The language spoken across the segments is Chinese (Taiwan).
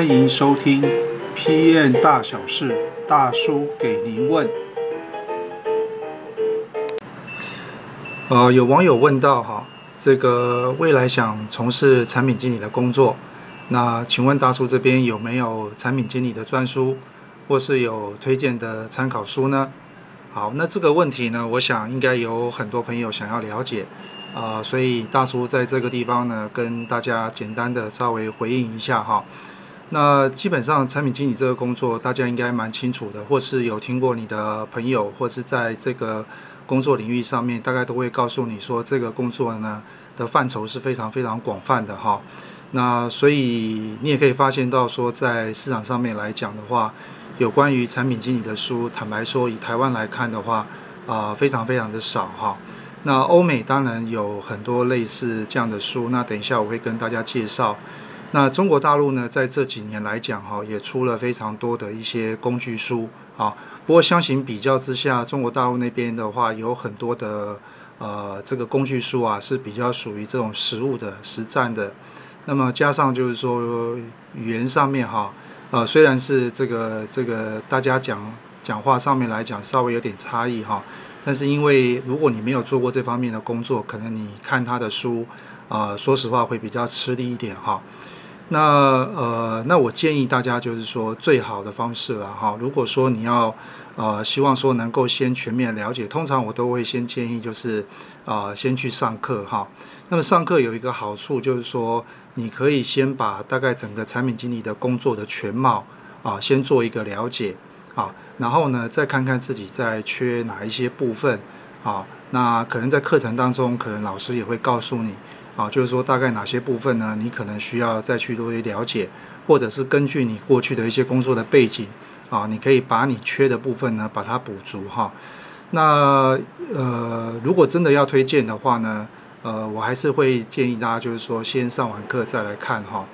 歡迎收聽《PM 大小事》，大叔給您問。呃，有網友問到哈，這個未來想從事產品經理的工作，那請問大叔這邊有沒有產品經理的專書，或是有推薦的參考書呢？好，那這個問題呢，我想應該有很多朋友想要了解，啊、呃，所以大叔在這個地方呢，跟大家簡單的稍微回應一下哈。那基本上，產品經理這個工作，大家應該蠻清楚的，或是有聽過你的朋友，或是在這個工作領域上面，大概都會告訴你說，這個工作呢的範疇是非常非常廣泛的哈。那所以你也可以發現到說，在市場上面來講的話，有關於產品經理的書，坦白說以台灣來看的話，啊、呃，非常非常的少哈。那歐美當然有很多類似這樣的書，那等一下我會跟大家介紹。那中國大陸呢，在這幾年來講哈，也出了非常多的一些工具書啊。不過相形比較之下，中國大陸那邊的話，有很多的呃，這個工具書啊是比較屬於這種實務的、實戰的。那麼加上就是說語言上面哈，呃，雖然是這個這個大家講講話上面來講稍微有點差異哈，但是因為如果你沒有做過這方面的工作，可能你看他的書啊、呃，說實話會比較吃力一點哈。呃那呃，那我建議大家就是說，最好的方式了、啊、哈、哦。如果說你要呃，希望說能夠先全面了解，通常我都會先建議就是呃，先去上課哈、哦。那麼上課有一個好處就是說，你可以先把大概整個產品經理的工作的全貌啊、哦，先做一個了解啊、哦，然後呢，再看看自己在缺哪一些部分啊。哦那可能在課程當中，可能老師也會告訴你，啊，就是說大概哪些部分呢？你可能需要再去多一些了解，或者是根據你過去的一些工作的背景，啊，你可以把你缺的部分呢把它補足哈。那呃，如果真的要推薦的話呢，呃，我還是會建議大家就是說先上完課再來看哈。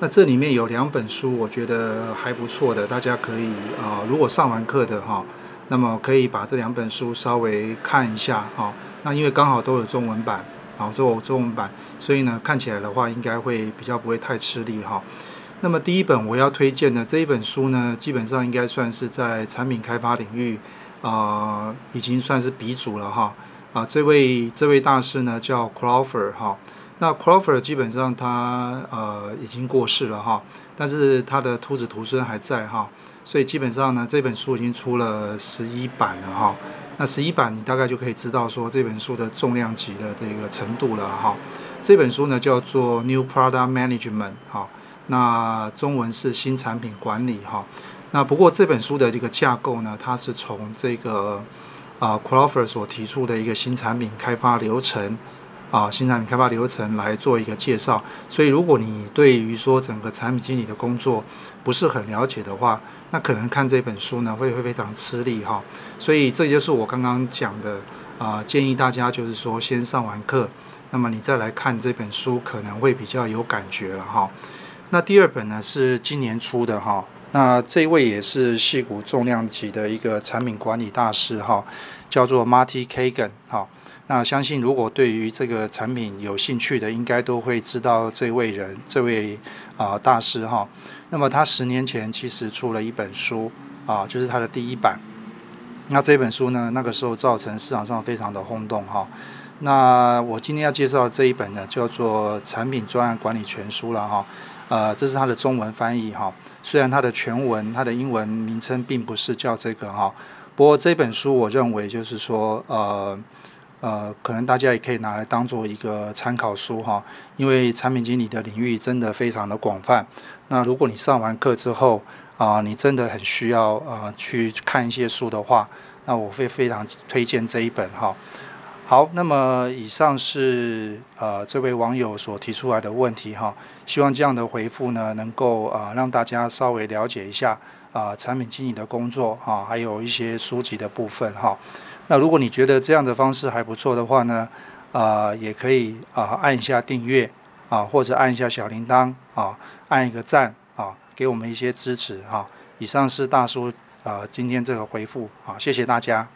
那這裡面有兩本書，我覺得還不錯的，大家可以啊，如果上完課的哈。那麼可以把這兩本書稍微看一下、哦、那因為剛好都有中文版，然後都有中文版，所以呢看起來的話應該會比較不會太吃力哈、哦。那麼第一本我要推薦的這一本書呢，基本上應該算是在產品開發領域啊、呃，已經算是鼻祖了哈啊、哦呃，這位這位大師呢叫 Crawford 哈、哦。那 Crawford 基本上他呃已經過世了哈，但是他的徒子徒孫還在哈，所以基本上呢這本書已經出了十一版了哈。那十一版你大概就可以知道說這本書的重量級的這個程度了哈。這本書呢叫做 New Product Management 哈，那中文是新產品管理哈。那不過這本書的這個架構呢，它是從這個啊、呃、Crawford 所提出的一個新產品開發流程。啊，新產品開發流程來做一個介紹。所以，如果你對於說整個產品經理的工作不是很了解的話，那可能看這本書呢會會非常吃力哈。所以，這就是我剛剛講的啊、呃，建議大家就是說先上完課，那麼你再來看這本書可能會比較有感覺了哈。那第二本呢是今年出的哈，那這位也是矽谷重量級的一個產品管理大師哈，叫做 Marty Cagan 哈。那相信，如果對於這個產品有興趣的，應該都會知道這位人，這位啊、呃、大師哈。那麼他十年前其實出了一本書啊、呃，就是他的第一版。那這本書呢，那個時候造成市場上非常的轟動哈。那我今天要介紹這一本呢，叫做《產品專案管理全書》了哈。呃，這是他的中文翻譯哈。雖然他的全文，他的英文名稱並不是叫這個哈，不過這本書我認為就是說呃。呃，可能大家也可以拿來當做一個參考書哈，因為產品經理的領域真的非常的廣泛。那如果你上完課之後啊，呃，你真的很需要呃去看一些書的話，那我會非常推薦這一本哈。好，那麼以上是呃這位網友所提出來的問題哈，希望這樣的回覆呢，能夠啊、呃，讓大家稍微了解一下。啊、呃，產品經理的工作哈、啊，還有一些書籍的部分哈、啊。那如果你覺得這樣的方式還不錯的話呢，啊，也可以啊，按一下訂閱啊，或者按一下小鈴鐺啊，按一個讚啊，給我們一些支持哈、啊。以上是大叔啊，今天這個回復啊，謝謝大家。